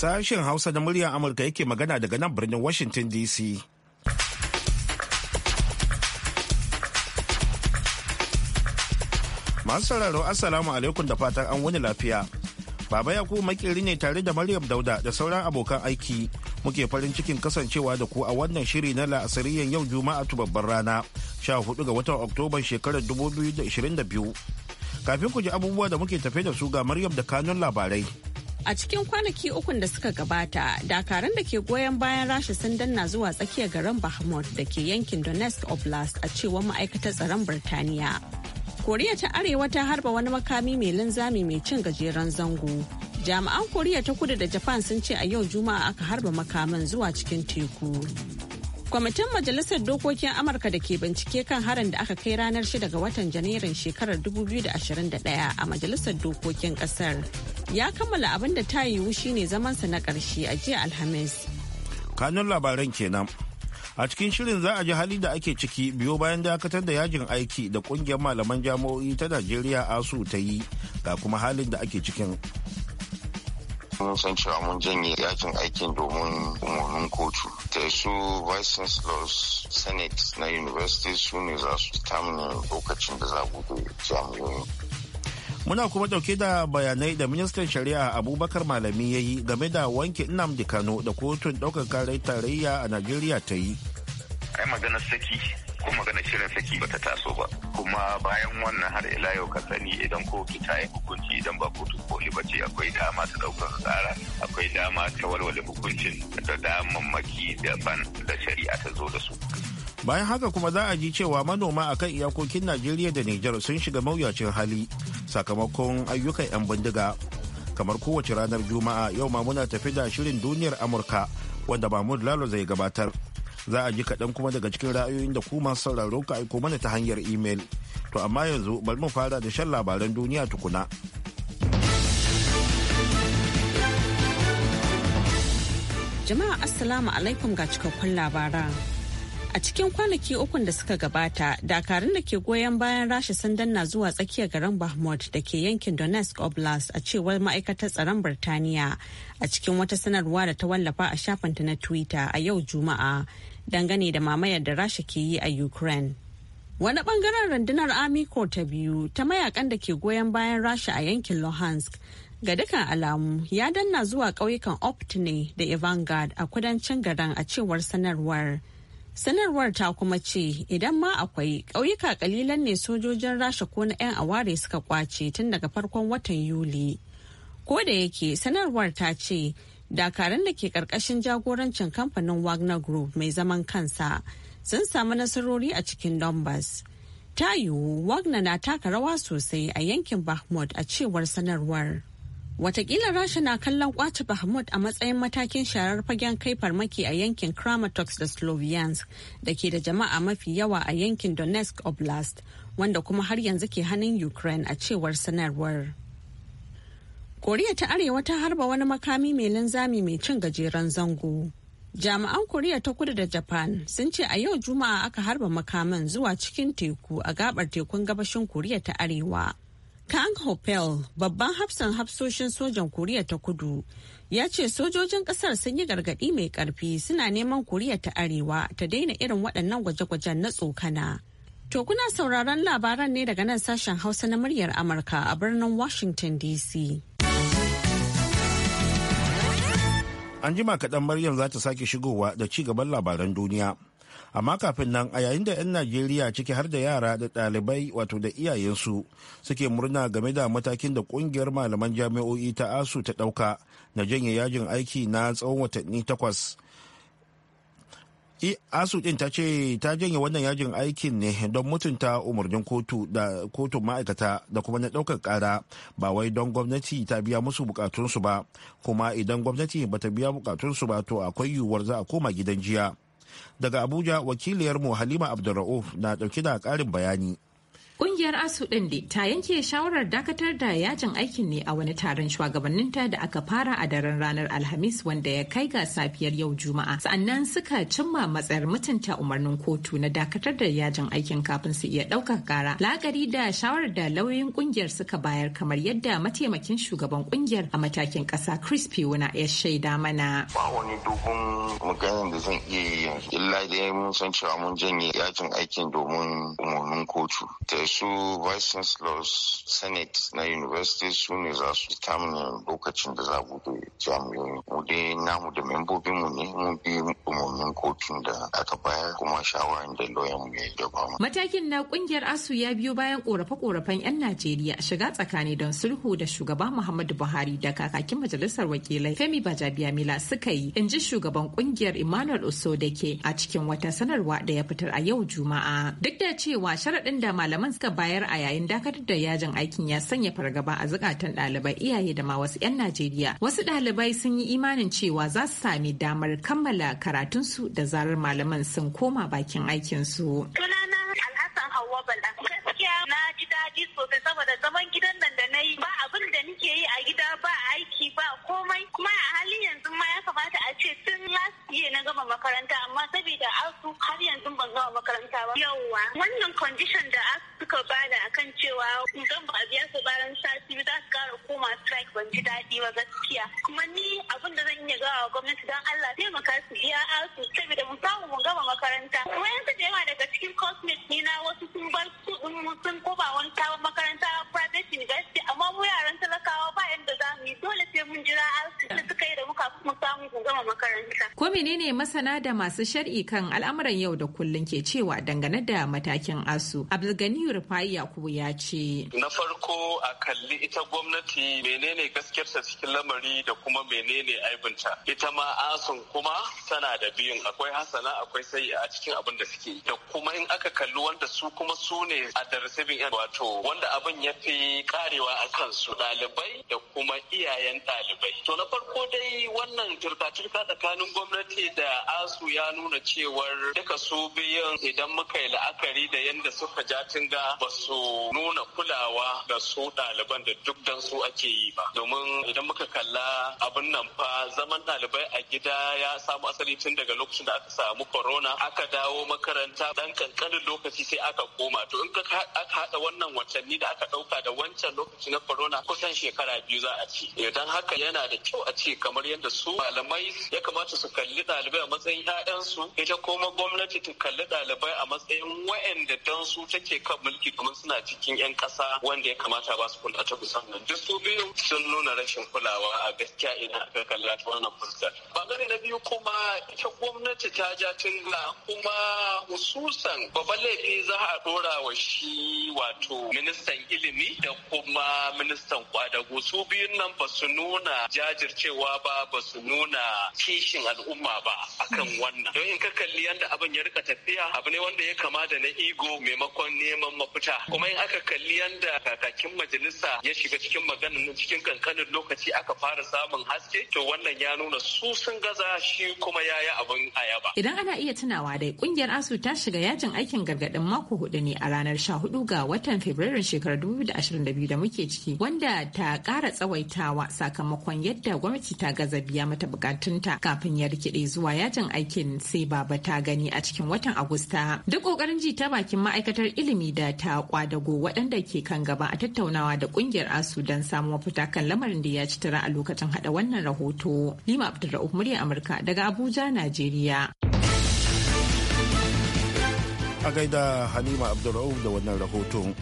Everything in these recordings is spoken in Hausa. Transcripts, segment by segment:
Sashen Hausa na muryar Amurka yake magana daga nan birnin Washington DC. Masu sauraro Assalamu alaikum da fatan an wani lafiya. Baba Yakubu makeri ne tare da Maryam Dauda da sauran abokan aiki. Muke farin cikin kasancewa da ku a wannan shiri na la'asariyan yau Juma'a tu babbar rana 14 ga watan Oktoban shekarar 2022. Kafin ku ji abubuwa da muke tafe da su ga Maryam da kanun labarai. A cikin kwanaki ukun da suka gabata, dakaran da ke goyon bayan rasha sun danna zuwa tsakiyar garin bahamut da ke yankin Donetsk Oblast a cewar ma'aikatar tsaron Birtaniya. Koriya ta Arewa ta harba wani makami mai linzami mai cin gajeren zango. Jami'an Koriya ta Kudu da Japan sun ce a yau Juma'a aka harba makaman zuwa cikin teku. Kwamitin Majalisar Dokokin Amurka da ke bincike kan harin da aka kai ranar 6 ga watan Janairun shekarar 2021 a Majalisar Dokokin Kasar ya kammala abin da ta yiwu shine zamansa na karshe a jiya alhamis kanun labaran kenan a cikin shirin za a ji hali da ake ciki biyo bayan dakatar da yajin aiki da kungiyar malaman jami'o'i ta najeriya asu ta yi ga kuma halin da ake cikin mun san cewa mun janye yakin aikin domin umarnin kotu da su vice laws senate na university su ne za su tamina lokacin da za bude jami'o'i Muna kuma dauke da bayanai da ministan shari'a Abubakar Malami ya yi game da wanke Nnamdi Kano da kotun ɗaukar karai tarayya a Najeriya ta yi. Ai magana saki ko magana shirin saki bata taso ba. Kuma bayan wannan har ila yau ka sani idan kotu ta yi hukunci idan ba kotu koli ba ce akwai dama ta daukar kara akwai dama ta walwale hukuncin da damammaki daban da shari'a ta zo da su. Bayan haka kuma za a ji cewa manoma akan iyakokin Najeriya da Nijar sun shiga mawuyacin hali sakamakon ayyukan 'yan bindiga kamar kowace ranar juma'a yau ma muna tafi da shirin duniyar amurka wanda mahmud lalo zai gabatar za a ji kaɗan kuma daga cikin ra'ayoyin da kuma sauraron ka aiko mana ta hanyar imel to amma yanzu bari mu fara da shan labaran duniya tukuna jama'a assalamu alaikum ga cikakkun labaran A cikin kwanaki ukun da suka gabata, dakarun da ke goyon bayan rasha sun danna zuwa tsakiyar garin Bahmut da ke yankin Donetsk Oblast a cewar ma'aikatar tsaron Birtaniya a cikin wata sanarwa da ta wallafa a shafinta na Twitter a yau Juma'a dangane da mamayar da rasha ke yi a Ukraine. Wani bangaren rundunar Amiko ta biyu ta mayakan da ke goyon bayan Rasha a yankin Luhansk ga dukkan alamu ya danna zuwa ƙauyukan Optne da Evangard a kudancin garin a cewar sanarwar. sanarwar ta kuma ce idan ma akwai ƙauyuka kalilan ne sojojin rasha ko na 'yan aware suka kwace tun daga farkon watan yuli ko da yake sanarwar ta ce dakaran da ke karkashin jagorancin kamfanin wagner group mai zaman kansa sun samu nasarori a cikin donbass ta yiwu wagner na taka rawa sosai a yankin bahmut a cewar sanarwar wataƙila Rasha na kallon kwace Bahmut a matsayin matakin sharar fagen kai farmaki a yankin Kramatorsk da Sloviansk da ke da jama'a mafi yawa a yankin Donetsk Oblast wanda kuma har yanzu ke hannun Ukraine a cewar sanarwar. Koriya ta Arewa ta harba wani makami mai linzami mai cin gajeren zango. Jami'an Koriya ta kudu da Japan sun ce a yau Juma'a aka harba makaman zuwa cikin teku a gabar tekun gabashin Koriya ta Arewa. Kang Hopel, babban hafsan hafsoshin sojan Koriya ta kudu, ya ce sojojin kasar sun yi gargaɗi mai ƙarfi suna neman Koriya ta Arewa ta daina irin waɗannan gwaje-gwajen na tsokana. To kuna sauraron labaran ne daga nan sashen Hausa na muryar Amurka a birnin Washington DC. An jima kaɗan Maryam za ta sake shigowa da ci gaban labaran duniya. amma kafin nan a yayin da 'yan najeriya ciki har da yara da ɗalibai wato da iyayensu suke murna game da matakin da ƙungiyar malaman jami'o'i ta asu ta ɗauka na janye yajin aiki na tsawon watanni takwas asu ɗin ta ce ta janye wannan yajin aikin ne don mutunta umarnin kotu da kotun ma'aikata da kuma na ɗaukar ƙara ba wai don gwamnati ta biya musu bukatunsu ba kuma idan gwamnati bata biya bukatunsu ba to akwai yiwuwar za a koma gidan jiya Daga Abuja wakiliyarmu Halima Abdulra'uf na ɗauki da ƙarin bayani. Ƙungiyar ASU ɗin da ta yanke shawarar dakatar da yajin aikin ne a wani taron shugabanninta da aka fara a daren ranar Alhamis wanda ya kai ga safiyar yau Juma'a. Sa'annan suka cimma matsayar mutunta umarnin kotu na dakatar da yajin aikin kafin su iya ɗaukar kara. La'akari da shawarar da lauyoyin ƙungiyar suka bayar kamar yadda mataimakin shugaban ƙungiyar, a matakin ƙasa Chris Piwuna ya shaida mana. Ba wani dogon maganin da zan iya yi yanzu. Illa dai mun san cewa mun janye yajin aikin domin umarnin kotu. wasu vice chancellors senate na university su ne za su tamina lokacin da za bude jami'in mu namu da membobin mu ne mun bi umarnin kotun da aka bayar kuma shawaran da lawyer mu ya ba mu matakin na kungiyar asu ya biyo bayan korafe-korafen yan najeriya shiga tsakani don sulhu da shugaba muhammadu buhari da kakakin majalisar wakilai femi bajabiamila suka yi in ji shugaban kungiyar emmanuel oso da ke a cikin wata sanarwa da ya fitar a yau juma'a duk da cewa sharaɗin da malaman suka bayar a yayin dakatar da yajin aikin ya sanya fargaba a zukatan ɗalibai iyaye da ma wasu 'yan Najeriya. Wasu ɗalibai sun yi imanin cewa za su sami damar kammala karatunsu da zarar malaman sun koma bakin aikinsu. Sunana ji sosai saboda zaman gidan nan da na yi ba abin da nike yi a gida ba aiki ba komai kuma a halin yanzu ma ya kamata a ce tun last year na gama makaranta amma saboda asu har yanzu ban gama makaranta ba yawwa wannan condition da suka bada akan cewa zan ba biya su bayan sati za su kara koma strike ban ji daɗi ba gaskiya kuma ni abin da zan iya gawa gwamnati don Allah taimaka su biya asu saboda mu samu mu gama makaranta wayansu da yawa daga cikin cosmic ni na wasu sun bar su sun ko wani kyakkyawan makaranta private university amma mu yaran talakawa ba yadda za mu yi dole sai mun jira a suka yi samu Ko menene masana da masu shar'i kan al'amuran yau da kullum ke cewa dangane da matakin asu? Abdulgani Rufai Yakubu ya ce. Na farko a kalli ita gwamnati menene gaskiyarsa cikin lamari da kuma menene aibinta. Ita ma asun kuma tana da biyun akwai hasana akwai sai a cikin abin da suke da kuma in aka kalli wanda su kuma su ne a da receiving wato wanda abin ya fi karewa a kansu ɗalibai da kuma iyayen ɗalibai. To na farko dai wannan cirka tsakanin gwamnati da asu ya nuna cewar duka su biyan idan muka yi la'akari da yadda suka ja tunga ba su nuna kulawa ga su ɗaliban da duk dan su ake yi ba domin idan muka kalla abin nan fa zaman ɗalibai a gida ya samu asali tun daga lokacin da aka samu corona aka dawo makaranta dan kankanin lokaci sai aka koma to in ka aka haɗa wannan watanni da aka ɗauka da wancan lokaci na corona kusan shekara biyu za a ci don haka yana da kyau a ce kamar yadda su malamai ya kamata su kalli dalibai a matsayin 'ya'yansu ita kuma gwamnati ta kalli dalibai a matsayin wa'anda dan su take kan mulki kuma suna cikin 'yan kasa wanda ya kamata ba su kula ta nan duk su biyu sun nuna rashin kulawa a gaskiya ina aka kalla ta wannan fuskar bangare na biyu kuma ita gwamnati ta ja tunga kuma hususan babban laifi za a dora wa shi wato ministan ilimi da kuma ministan kwadago su biyun nan ba su nuna jajircewa ba ba su nuna kishin al'umma ba akan wannan don in ka kalli yadda abin ya rika tafiya abu ne wanda ya kama da na ego maimakon neman mafita kuma in aka kalli yadda kakakin majalisa ya shiga cikin maganin cikin kankanin lokaci aka fara samun haske to wannan ya nuna su sun gaza shi kuma ya yi abin ayaba idan ana iya tunawa dai kungiyar asu ta shiga yajin aikin gargadin mako hudu ne a ranar 14 ga watan fabrairun shekarar 2022 da muke ciki wanda ta kara tsawaitawa sakamakon yadda gwamnati ta gaza biya mata bukatunta kafin ya rikide zuwa yajin aikin sai baba ta gani a cikin watan agusta duk kokarin ji ta bakin ma'aikatar ilimi da ta kwadago waɗanda ke kan gaba a tattaunawa da kungiyar asu don samun mafita kan lamarin da ya ci tara a lokacin hada wannan rahoto lima abdulrahman murya amurka daga abuja najeriya a gaida halima abdulrahman da wannan rahoton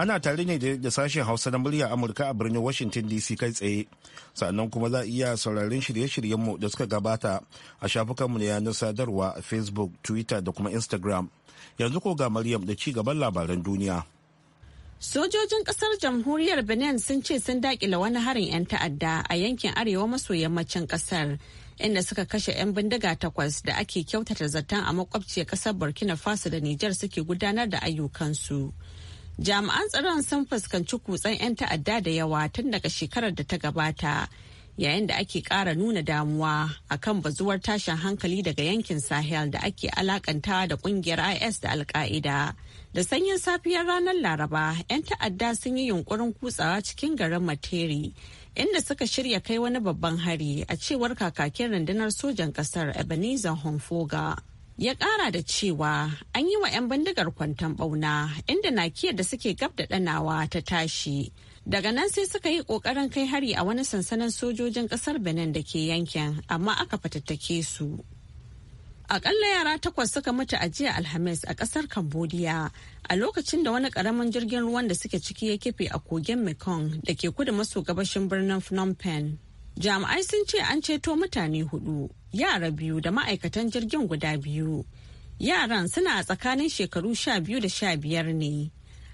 ana tare ne da sashen hausa na murya amurka a birnin washington dc kai tsaye sannan kuma za iya sauraron shirye-shiryenmu da suka gabata a shafukanmu na yanar sadarwa a facebook twitter da kuma instagram yanzu ko ga maryam da ci gaban labaran duniya Sojojin kasar jamhuriyar Benin sun ce sun dakila wani harin 'yan ta'adda a yankin arewa maso yammacin kasar inda suka kashe 'yan bindiga takwas da ake kyautata zaton a makwabciyar kasar Burkina Faso da Nijar suke gudanar da ayyukansu. jami'an tsaron sun fuskanci kutsen 'yan ta'adda da yawa tun daga shekarar da ta gabata yayin da ake kara nuna damuwa a kan bazuwar tashin hankali daga yankin sahel da ake alakantawa da kungiyar is da alka'ida da sanyin safiyar ranar laraba 'yan ta'adda sun yi yunkurin kutsawa cikin garin materi inda suka shirya kai wani babban hari a cewar kakakin rundunar sojan kasar ebenezer honfoga ya kara da cewa an yi wa 'yan bindigar kwanton bauna inda nakiyar da suke gab da danawa ta tashi daga nan sai suka yi kokarin kai hari a wani sansanin sojojin kasar benin da ke yankin amma aka fatattake su akalla yara takwas suka mutu a jiya alhamis a kasar cambodia a lokacin da wani karamin jirgin ruwan da suke ciki ya kife a kogin mekong da ke kudu maso gabashin birnin phnom penh Jami'ai sun ce an ceto mutane hudu, yara biyu da ma'aikatan jirgin guda biyu. Yaran suna tsakanin shekaru sha biyu da sha biyar ne.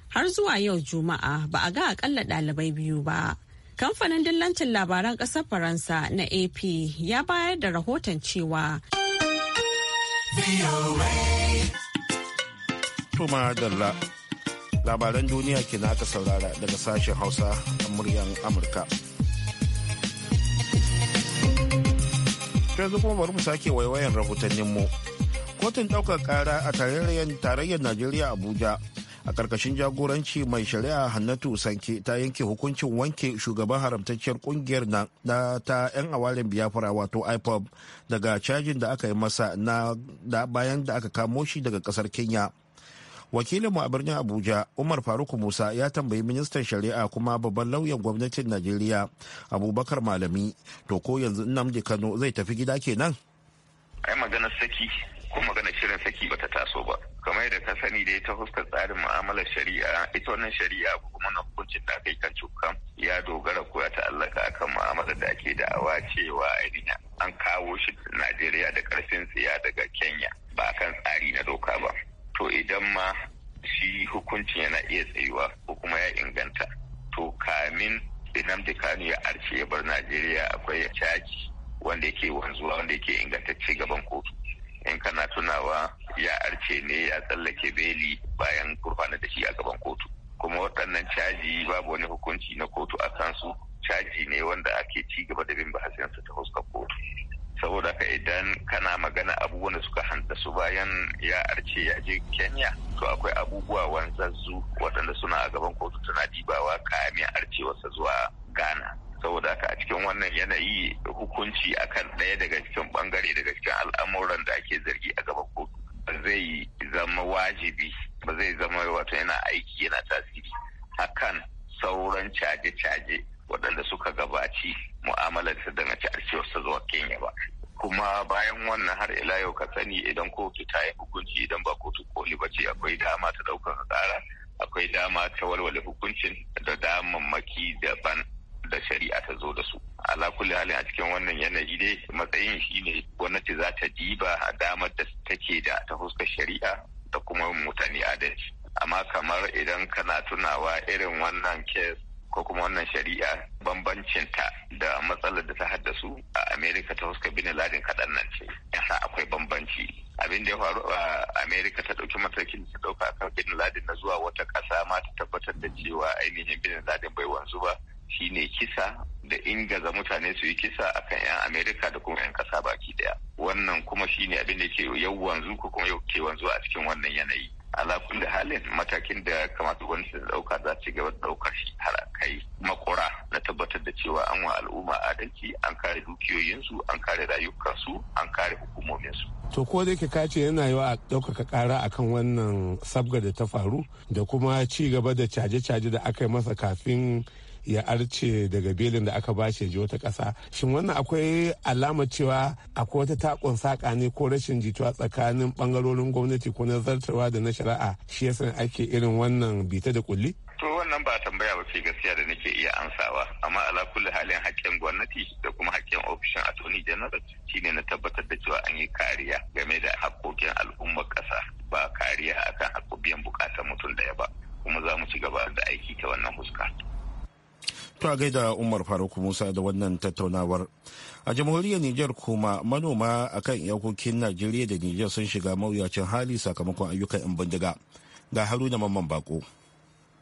Har zuwa yau Juma'a ba a ga akalla dalibai biyu ba. Kamfanin dillancin labaran ƙasar Faransa na AP ya bayar da rahoton cewa. labaran duniya ke na aka saurara daga sashen Hausa a muryan Amurka. yanzu kuma bari mu sake waiwayan mu kotun ɗaukar ƙara a tarayyar najeriya abuja a karkashin jagoranci mai shari'a hannatu sanke ta yanke hukuncin wanke shugaban haramtacciyar kungiyar na, ta 'yan awalin biyafura wato ipob daga cajin da aka yi masa na da bayan da aka kamo shi daga kasar kenya wakilin mu a birnin abuja umar faruk musa ya tambayi ministan shari'a kuma babban lauyan gwamnatin najeriya abubakar malami to ko yanzu namdi kano zai tafi gida kenan ai magana saki ko magana shirin saki ba ta taso ba kamar yadda ka sani da ta fuskar tsarin mu'amalar shari'a ita wannan shari'a ko kuma na hukuncin da aka kan cukan ya dogara ko ya ta'allaka akan mu'amalar da ake da'awa cewa ainihin an kawo shi Najeriya da karfin tsiya daga Kenya ba kan tsari na doka ba to idan ma shi hukuncin yana iya tsayuwa ko kuma ya inganta to kamin idan Kanu ya arce ya bar Najeriya akwai caji wanda yake wanzuwa wanda yake inganta ci gaban kotu in kana tunawa ya arce ne ya tsallake beli bayan kurfana da shi a gaban kotu kuma waɗannan caji babu wani hukunci na kotu a kansu caji ne wanda ake ci gaba da bin bahasinsa ta fuskar kotu saboda ka idan kana magana abubuwan da suka hantasu bayan ya arce ya je kenya to akwai abubuwa wanzazzu waɗanda suna a gaban kotu tana dibawa kamin arcewarsa zuwa ghana saboda haka a cikin wannan yanayi hukunci akan ɗaya daga cikin ɓangare daga cikin al'amuran da ake zargi a gaban kotu zai zama wajibi ba zai zama wato yana aiki yana tasiri akan sauran caje-caje waɗanda suka gabaci mu'amalar ta danganci arciyarsa zuwa kenya ba kuma bayan wannan har ila yau ka sani idan kotu ta yi hukunci idan ba kotu koli ba ce akwai dama ta ɗaukaka ƙara akwai dama ta walwale hukuncin da damammaki daban da shari'a ta zo da su ala kulli halin a cikin wannan yanayi dai matsayin shine gwamnati za ta diba a damar da take da ta fuska shari'a da kuma mutane adalci amma kamar idan kana tunawa irin wannan kes ko kuma wannan shari'a bambancinta da matsalar da ta haddasu a amerika ta huska bin ladin kaɗan nan ce yasa akwai bambanci abin da ya faru a amerika ta ɗauki matakin da ta ɗauka kan bin ladin na zuwa wata ƙasa ma ta tabbatar da cewa ainihin bin ladin bai wanzu ba shine kisa da ingaza mutane su yi kisa akan 'yan amerika da kuma 'yan ƙasa baki daya wannan kuma shine abin da ke yau wanzu ko kuma yau ke wanzu a cikin wannan yanayi ala kulli halin matakin da kamata gwamnati ta dauka za ci gaba da daukar shi har kai makura na tabbatar da cewa an wa al'umma adalci an kare dukiyoyinsu an kare rayukansu an kare hukumominsu to ko da yake kace yana yiwa a ɗaukaka kara akan wannan sabga da ta faru da kuma ci gaba da caje-caje da aka yi masa kafin ya arce daga belin da aka bashi ji wata kasa shin wannan akwai alama cewa akwai wata takon saka ne ko rashin jituwa tsakanin bangarorin gwamnati ko na zartarwa da na shari'a shi yasa ake irin wannan bita da kulli to wannan ba tambaya ba ce gaskiya da nake iya ansawa amma ala kulli halin haƙƙin gwamnati da kuma haƙƙin ofishin attorney general shine na tabbatar da cewa an yi kariya game da haƙƙoƙin al'ummar ƙasa ba kariya akan haƙƙoƙin buƙatar mutum ɗaya ba kuma za mu ci gaba da aiki ta wannan huska To a gaida Umar Faruk Musa da wannan tattaunawar. A jamhuriyar Nijar kuma manoma a kan yankokin Najeriya da Nijar sun shiga mawuyacin hali sakamakon ayyukan 'yan bindiga. Ga Haruna Mamman Bako.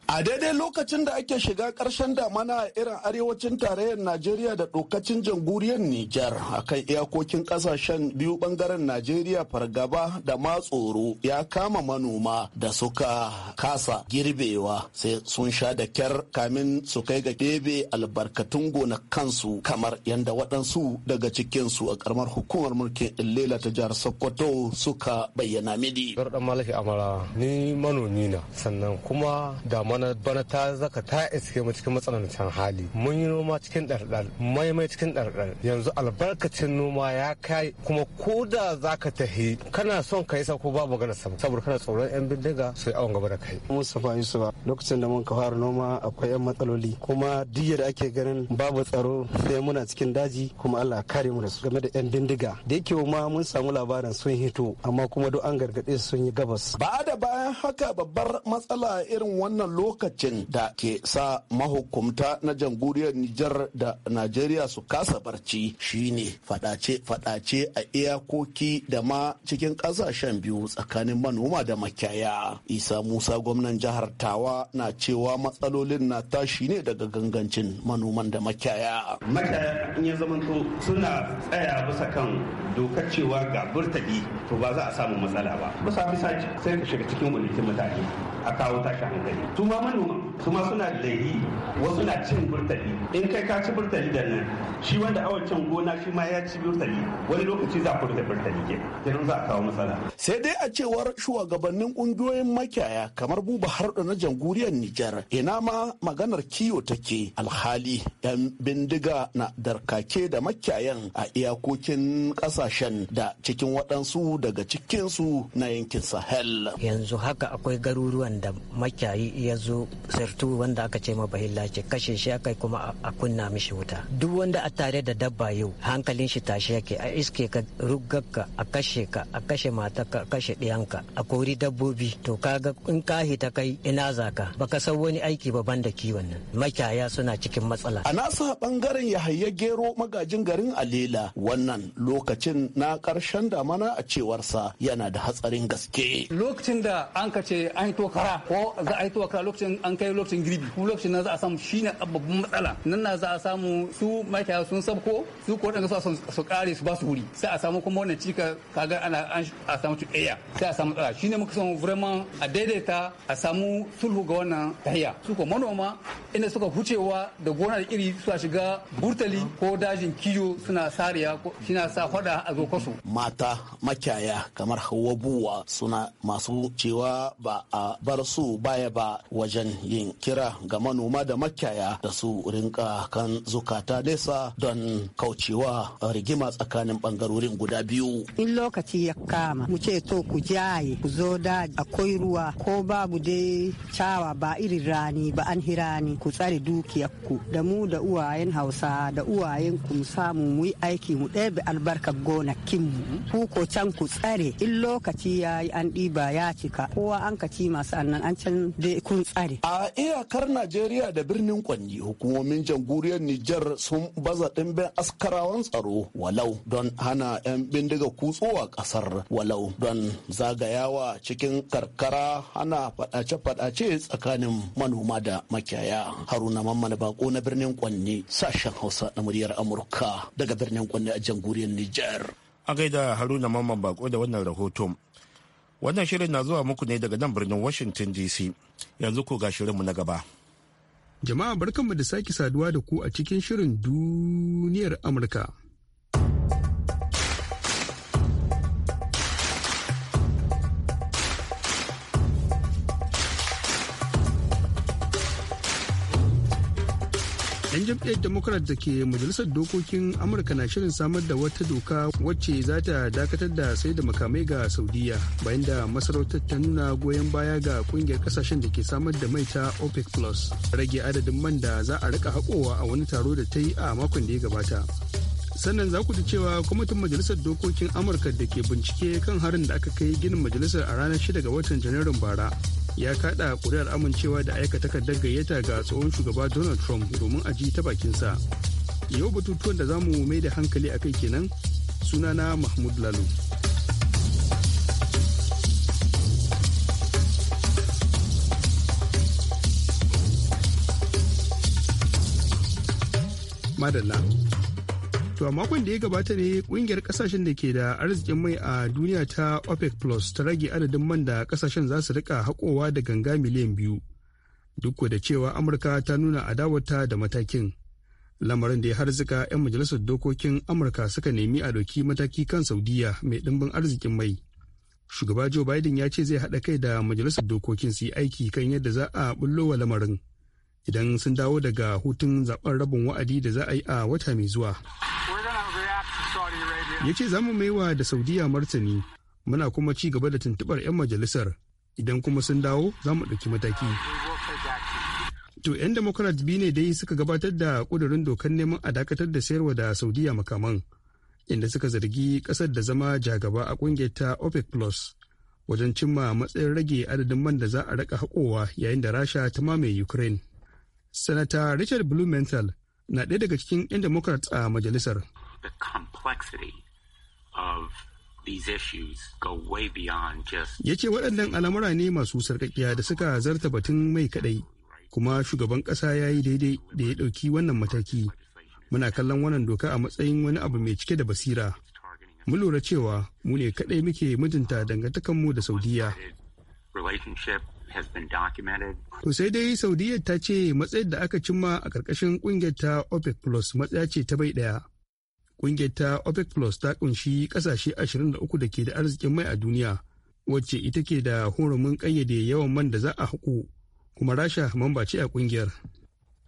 A daidai lokacin da ake shiga ƙarshen damana a irin arewacin tarayyar Najeriya da ɗokacin jamhuriyar Nijar a kan iyakokin ƙasashen biyu ɓangaren Najeriya fargaba da ma tsoro ya kama manoma da suka kasa girbewa sai sun sha da kyar kamin su kai ga ɗebe albarkatun gona kansu kamar yadda waɗansu daga cikinsu a ƙaramar hukumar mulkin Illela ta jihar Sokoto suka bayyana midi. Ni manomi na sannan kuma dama bana bana ta zaka ta iske mu cikin matsanancin hali mun yi noma cikin ɗarɗar mai cikin ɗarɗar yanzu albarkacin noma ya kai kuma ko da zaka tahi kana son ka sa ko babu gana sama saboda kana tsoron yan bindiga su yi awon gaba da kai. Mustapha Yusuf lokacin da mun ka fara noma akwai yan matsaloli kuma duk da ake ganin babu tsaro sai muna cikin daji kuma Allah kare mu da su game da yan bindiga da yake ma mun samu labarin sun hito amma kuma duk an gargaɗe sun yi gabas. Ba da bayan haka babbar matsala irin wannan lokacin da ke sa mahukumta na jamhuriyar Nijar da Najeriya su kasa barci shine fadace-fadace a iyakoki da ma cikin ƙasashen biyu tsakanin manoma da makiyaya. Isa Musa gwamnan jihar Tawa na cewa matsalolin na tashi ne daga gangancin manoman da makiyaya. Makiyaya in ya to suna tsaya bisa kan dokar cewa ga burtali to ba za a samu matsala ba. Bisa bisa sai ka shiga cikin walitin mutane. a kawo tashin hankali su ma manoma su ma suna da laifi wasu na cin burtali in kai ka ci burtali da nan shi wanda awon can gona shi ma ya ci burtali wani lokaci za ku da burtali ke kenan za a kawo matsala sai dai a cewar shugabannin kungiyoyin makiyaya kamar buba harda na jamhuriyar Nijar ina ma maganar kiyo take alhali yan bindiga na darkake da makiyayan a iyakokin kasashen da cikin waɗansu daga cikinsu na yankin Sahel yanzu haka akwai garuruwan da makiyayi ya zo sirtu wanda aka ce ma bahilla ce kashe shi aka kuma a kunna mishi wuta duk wanda a tare da dabba yau hankalin shi tashi yake a iske ka rugakka a kashe ka a kashe matarka a kashe ɗiyanka a kori dabbobi to kaga in ka hita kai ina zaka baka san wani aiki ba banda kiwon nan makiyaya suna cikin matsala a nasa bangaren yahaya gero magajin garin alela wannan lokacin na karshen damana a cewarsa yana da hatsarin gaske lokacin da an ka ce an toka. kara ko za a yi tuwa lokacin an kai lokacin girbi kuma lokacin nan za a samu shine babban matsala nan na za a samu su makiyaya sun sabko su ko wadanda su su kare su ba su wuri sai a samu kuma wannan cika kaga ana a samu eya. sai a samu matsala shine muka son vraiment a daidaita a samu sulhu ga wannan tahiya su ko manoma inda suka hucewa da gona da iri suka shiga burtali ko dajin kiyo suna sariya shina sa hada a zo kwaso mata makiyaya kamar hawa buwa suna masu cewa ba a ba kamar su baya ba wajen yin kira ga manoma da makyaya da su rinka kan zukata nesa don kaucewa rigima tsakanin bangarorin guda biyu. In lokaci ya kama mu ce to ku jaye ku zo da akwai ruwa ko babu dai cawa ba irin rani ba an hirani ku tsare dukiyarku da mu da uwayen hausa da uwayen ku samu mu yi aiki mu ɗebe albarkar gonakinmu ku ko can ku tsare in lokaci ya yi an ɗiba ya cika kowa an kaci masu Sannan an can dai kun tsare. A iyakar Najeriya da birnin Kwanni hukumomin jamhuriyar Nijar sun baza ɗimbin askarawan tsaro walau don hana 'yan bindiga kutsowa ƙasar walau don zagayawa cikin karkara hana faɗace-faɗace tsakanin manoma da makiyaya. Haruna Mamman Bako na birnin Kwanni sashen Hausa na muryar Amurka daga birnin Kwanni a jamhuriyar Nijar. A gaida Haruna Mamman Bako da wannan rahoton. Wannan shirin na zuwa muku ne daga nan birnin Washington DC. Yanzu ko ga shirinmu na gaba. Jama'a barkanmu da sake saduwa da ku a cikin shirin duniyar Amurka. 'yan jam'iyyar democrat da ke majalisar dokokin amurka na shirin samar da wata doka wacce za ta dakatar da sai da makamai ga saudiya bayan da masarautar ta nuna goyon baya ga kungiyar kasashen da ke samar da mai ta opec plus rage adadin man da za a rika haƙowa a wani taro da ta yi a makon da ya gabata sannan za ku ji cewa kwamitin majalisar dokokin amurka da ke bincike kan harin da aka kai ginin majalisar a ranar 6 ga watan janairun bara ya kada kuri'ar amincewa da aika takardar gayyata ga tsohon shugaba donald trump domin a ji ta bakinsa yau batutuwan da zamu mu mai da hankali a kai kenan sunana mahmud lalu madalla To a makon da ya gabata ne kungiyar kasashen da ke da arzikin mai a duniya ta OPEC Plus ta rage adadin man da kasashen za su rika haƙowa da ganga miliyan biyu. Duk da cewa Amurka ta nuna adawarta da matakin. Lamarin da ya harzika 'yan majalisar dokokin Amurka suka nemi a doki mataki kan Saudiya mai ɗimbin arzikin mai. Shugaba Joe Biden ya ce zai haɗa kai da majalisar dokokin su yi aiki kan yadda za a bullo wa lamarin. idan sun dawo daga hutun zaben rabin wa'adi da za a yi a wata mai zuwa. Ya ce za mu maiwa da Saudiya martani muna kuma ci gaba da tuntubar 'yan majalisar idan kuma sun dawo za mu ɗauki mataki. To 'yan Democrat biyu ne dai suka gabatar da ƙudurin dokar neman a dakatar da sayarwa da Saudiya makaman inda suka zargi ƙasar da zama jagaba a ƙungiyar ta OPEC Plus wajen cimma matsayin rage adadin man da za a raka haƙowa yayin da Rasha ta mamaye Ukraine. Sanata Richard Blumenthal na ɗaya daga cikin 'yan Democrats a majalisar. The complexity of ya ce waɗannan al'amura ne masu sarƙaƙiya da suka zarta batun mai kaɗai kuma shugaban ƙasa ya yi daidai da ya ɗauki wannan mataki muna kallon wannan doka a matsayin wani abu mai cike da basira mu lura cewa mu ne kaɗai muke mijinta dangantakanmu da saudiya To sai dai Saudiya ta ce matsayin da aka cimma a ƙarƙashin ƙungiyar ta OPEC Plus matsaya ce ta bai ɗaya. Ƙungiyar ta OPEC Plus ta ƙunshi ƙasashe 23 da ke da arzikin mai a duniya, wacce ita ke da horumin ƙayyade yawan man da za a haƙo, kuma Rasha mamba ce a ƙungiyar.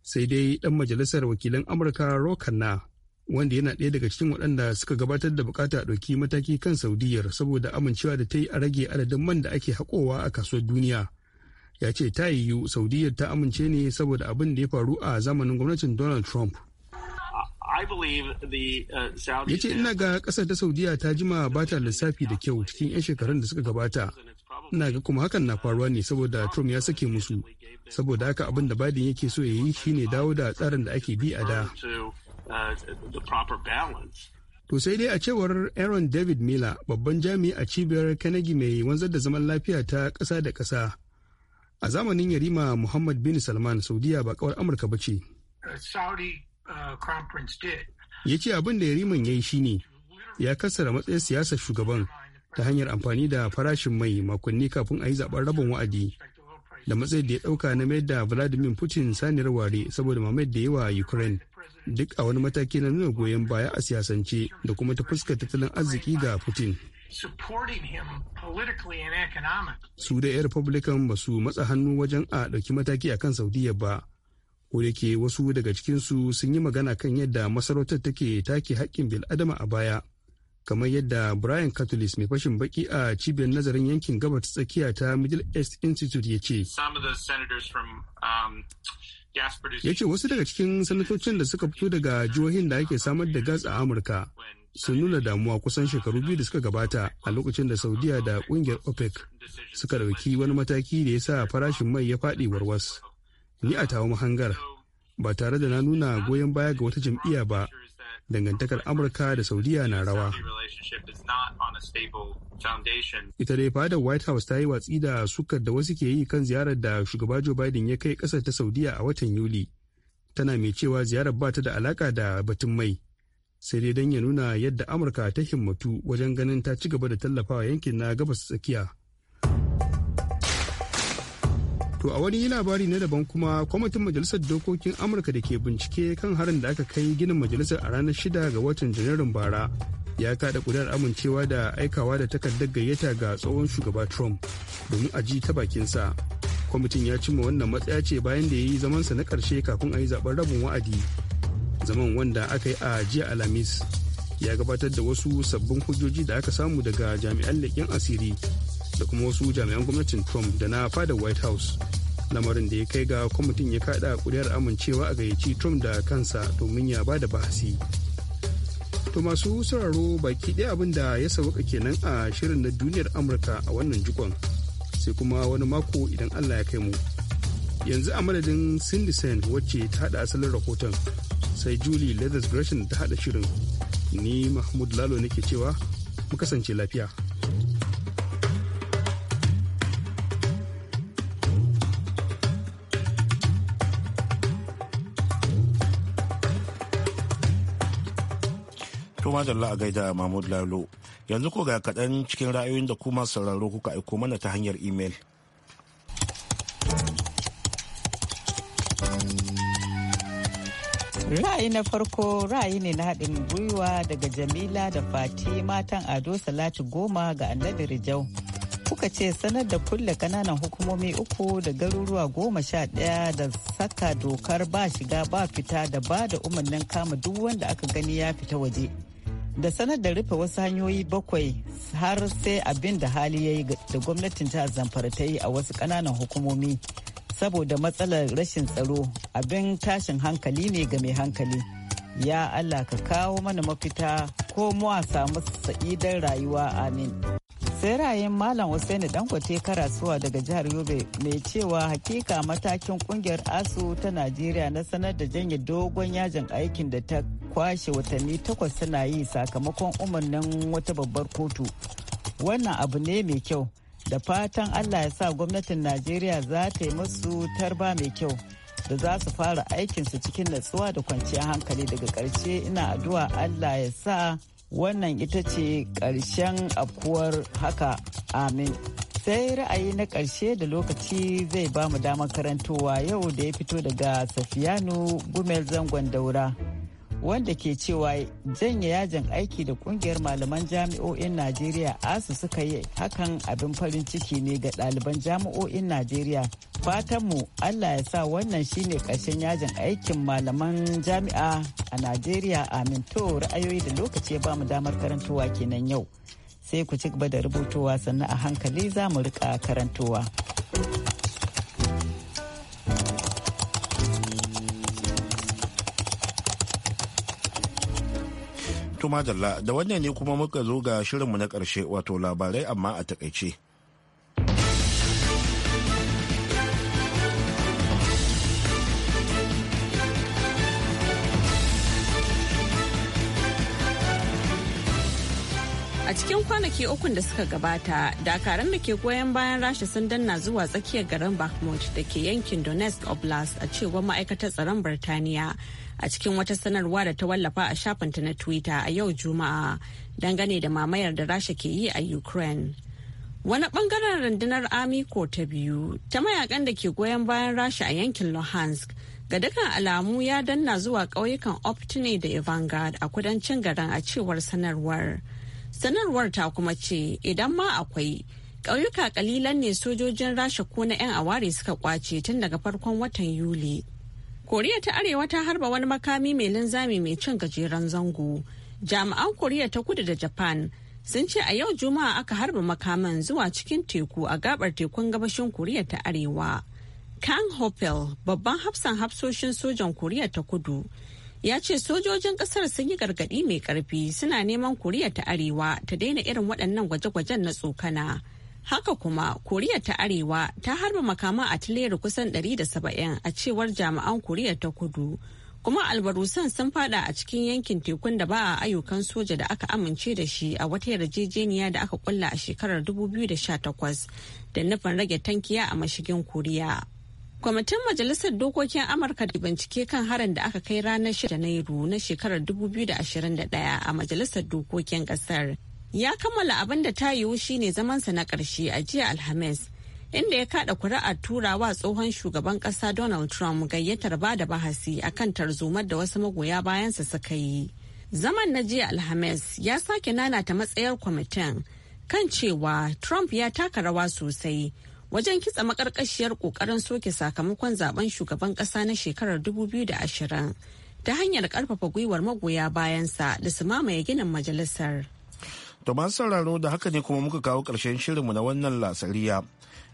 Sai dai ɗan majalisar wakilan Amurka Rokanna wanda yana ɗaya daga cikin waɗanda suka gabatar da bukata ɗauki mataki kan saudiyyar saboda amincewa da ta yi a rage adadin man da ake haƙowa a kasuwar duniya ya ce ta yiwu saudiyyar ta amince ne saboda abin da ya faru a zamanin gwamnatin donald trump uh, ya ce ina ga kasar ta saudiyya ta jima ba ta lissafi da kyau cikin 'yan shekarun da suka gabata ina ga kuma hakan na faruwa ne saboda trump ya sake musu saboda haka abin da biden yake so ya yi shine dawo da tsarin da ake bi a da to uh, sai dai a cewar aaron david miller babban jami'i a cibiyar carnegie mai wanzar da zaman lafiya ta ƙasa da ƙasa a zamanin yarima muhammad bin salman saudiya ba kawar amurka ba ce uh, ya ce abin da yariman ya yi shine ya kasara matsayin siyasar shugaban ta hanyar amfani da farashin mai makonni kafin a yi zaben rabin wa'adi da matsayin da ya dauka na mai da vladimir putin saniyar ware saboda mamayar da yawa ukraine duk a wani mataki na nuna goyon baya a siyasance da kuma ta fuska tattalin arziki ga putin supporting him politically and economically. Su da 'yan Republican ba su matsa hannu wajen a ɗauki mataki akan Saudiya ba. Ko da ke wasu daga cikinsu sun yi magana kan yadda masarautar take take haƙƙin bil'adama a baya. Kamar yadda Brian catholic mai fashin baki a cibiyar nazarin yankin gabar tsakiya ta Middle East Institute ya ce. Um, ya ce wasu daga cikin sanatocin da suka fito daga jihohin da ake samar da gas a Amurka sun nuna damuwa kusan shekaru biyu da suka gabata a lokacin da saudiya da kungiyar opec suka dauki wani mataki da ya sa farashin mai ya fadi warwas ni a tawo mahangar ba tare da na nuna goyon baya ga wata jam'iyya ba dangantakar amurka da saudiya na rawa ita dai fadar white house ta yi watsi da sukar da wasu ke yi kan ziyarar da shugaba joe biden ya kai kasar ta saudiya a watan yuli tana mai cewa ziyarar ba ta da alaka da batun mai sai dai don ya nuna yadda amurka ta himmatu wajen ganin ta ci gaba da tallafawa yankin na gabas tsakiya to a wani labari na daban kuma kwamitin majalisar dokokin amurka da ke bincike kan harin da aka kai ginin majalisar a ranar 6 ga watan janairun bara ya kada kudar amincewa da aikawa da takardar gayyata ga tsohon shugaba trump domin a ji ta bakinsa kwamitin ya cimma wannan matsaya ce bayan da ya yi zamansa na karshe kafin a yi zaben rabin wa'adi zaman wanda aka yi a jiya alhamis ya gabatar da wasu sabbin hujjoji da aka samu daga jami'an leƙen asiri da kuma wasu jami'an gwamnatin trump da na fada white house lamarin da ya kai ga kwamitin ya kaɗa kuri'ar amincewa a gayyaci trump da kansa domin ya ba da bahasi to masu sauraro baki ɗaya abin da ya sauka kenan a shirin na duniyar amurka a wannan jikon sai kuma wani mako idan allah ya kai mu yanzu a madadin cindy wacce ta haɗa asalin rahoton sai Julie Leathers Gresham ta hada shirin. Ni Mahmud Lalo nake cewa mu kasance lafiya. kuma da a gaida Mahmud Lalo. Yanzu ko ga kaɗan cikin ra'ayoyin da kuma sauraro kuka aiko mana ta hanyar imel. Mm-hmm. Ra'ayi na farko ra'ayi ne na haɗin gwiwa daga Jamila da Fati matan Ado Salatu Goma ga Annabi Rijau. Kuka ce sanar da kulle kananan hukumomi uku da garuruwa goma sha ɗaya da saka dokar ba shiga ba fita da ba da umarnin kama duk wanda aka gani ya fita waje. Da sanar da rufe wasu hanyoyi bakwai har sai abin da hali ya yi da gwamnatin ta zamfara ta yi a wasu kananan hukumomi. saboda matsalar rashin tsaro abin tashin hankali ne ga mai hankali ya allah ka kawo mana mafita ko mu a samu sa'idar rayuwa amin sai rayin malam Hussaini dangote karasuwa daga jihar yobe mai cewa hakika matakin kungiyar asu ta najeriya na sanar da janye dogon yajin aikin da ta kwashe watanni takwas suna yi sakamakon umarnin wata babbar kotu wannan abu ne mai kyau da fatan allah ya sa gwamnatin najeriya za ta yi masu tarba mai kyau da za su fara aikinsu cikin natsuwa da kwanciyar hankali daga ƙarshe ina addu'a allah ya sa wannan ita ce ƙarshen afkuwar haka amin sai ra'ayi na ƙarshe da lokaci zai ba mu damar karantowa yau da ya fito daga safiyanu gumel zangon daura wanda ke cewa janye yajin aiki da kungiyar malaman jami'o'in najeriya asu suka yi hakan abin farin ciki ne ga ɗaliban jami'o'in najeriya fatanmu allah ya sa wannan shine ƙarshen yajin aikin malaman jami'a a najeriya amin to ra'ayoyi da lokaci ya bamu damar karantowa kenan yau sai ku ci gaba da rubutuwa sannan a hankali za mu rika karantowa. Tumadalla da wannan ne kuma muka zo ga shirinmu na ƙarshe wato labarai amma a takaice. cikin kwanaki ukun da suka gabata, dakaran da ke goyon bayan rasha sun danna zuwa tsakiyar garin Bakhmut da ke yankin Donetsk Oblast a cewar ma'aikatar tsaron Birtaniya. A cikin wata sanarwa da ta wallafa a shafinta na Twitter a yau Juma'a dangane da mamayar da rasha ke yi a Ukraine. Wani bangaren rundunar Amiko ta biyu ta mayakan da ke goyon bayan rasha a yankin Luhansk ga dukkan alamu ya danna zuwa ƙauyukan Optine da Evangard a kudancin garin a cewar sanarwar. sanarwar ta kuma ce idan ma akwai ƙauyuka kalilan ne sojojin rasha ko na 'yan awari suka kwace tun daga farkon watan yuli koriya ta arewa ta harba wani makami mai linzami mai cin gajeren zango jami'an koriya ta kudu da japan sun ce a yau juma'a aka harba makaman zuwa cikin teku a gabar tekun gabashin koriya ta arewa kang hopel babban hafsan hafsoshin sojan koriya ta kudu ya ce sojojin kasar sun yi gargadi mai karfi suna neman koriya ta arewa ta daina irin waɗannan gwaje-gwajen na tsokana haka kuma koriya ta arewa ta harba makaman tileri kusan 170 a cewar jami'an koriya ta kudu kuma albarusan sun fada a cikin yankin tekun da ba a ayyukan soja da aka amince da shi a wata yarjejeniya da aka kulla a shekarar 2018 da nufin rage tankiya a mashigin koriya Kwamitin Majalisar Dokokin Amurka da bincike kan harin da aka kai ranar 6 Janairu na shekarar 2021 a Majalisar Dokokin Ƙasar, ya kammala abin da ta yiwu ne zamansa na ƙarshe a jiya Alhamis, inda ya kaɗa kuri'ar turawa tsohon shugaban ƙasa Donald Trump gayyatar ba da bahasi kan tarzomar da wasu magoya bayansa suka yi. Zaman na jiya Alhamis ya sake nanata matsayar kwamitin kan cewa Trump ya taka rawa sosai. wajen kitsa makarkashiyar kokarin soke sakamakon zaben shugaban kasa na shekarar 2020 ta hanyar karfafa gwiwar magoya bayansa da su mamaye ginin majalisar. To masu sauraro da haka ne kuma muka kawo ƙarshen shirinmu na wannan lasariya.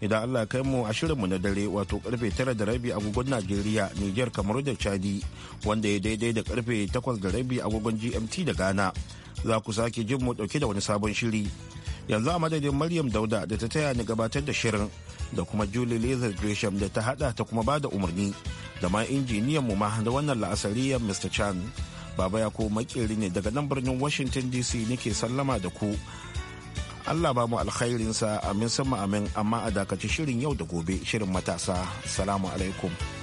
Idan Allah kai mu a shirinmu na dare wato karfe tara da rabi agogon Najeriya, Nijar, kamar da Chadi wanda ya daidai da karfe takwas da rabi agogon GMT da Ghana. Za ku sake jin mu dauke da wani sabon shiri. yanzu a madadin maryam dauda da ta taya ni gabatar da shirin da kuma julie laser gresham da ta hada ta kuma bada umarni da ma injiniyan mu ma da wannan la'asariya mr chan baba ya ko makeri ne daga nan birnin washington dc nake sallama da ku allah ba mu alkhairinsa amin sama amin amma a dakaci shirin yau da gobe shirin matasa salamu alaikum